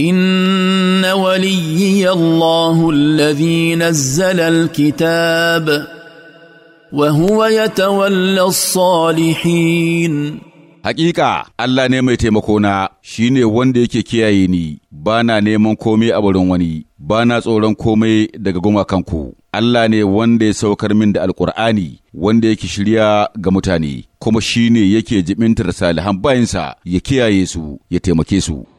ان وليي الله الذي نزل الكتاب وهو يتولى الصالحين Hakika Allah ne mai taimakona shi ne wanda yake kiyaye ni, ba na neman komai a wurin wani, ba na tsoron komai daga gumakanku. Allah ne wanda ya saukar min da Alƙur'ani wanda yake shirya ga mutane, kuma shi ne yake jibintar salihan bayansa ya kiyaye su, ya taimake su.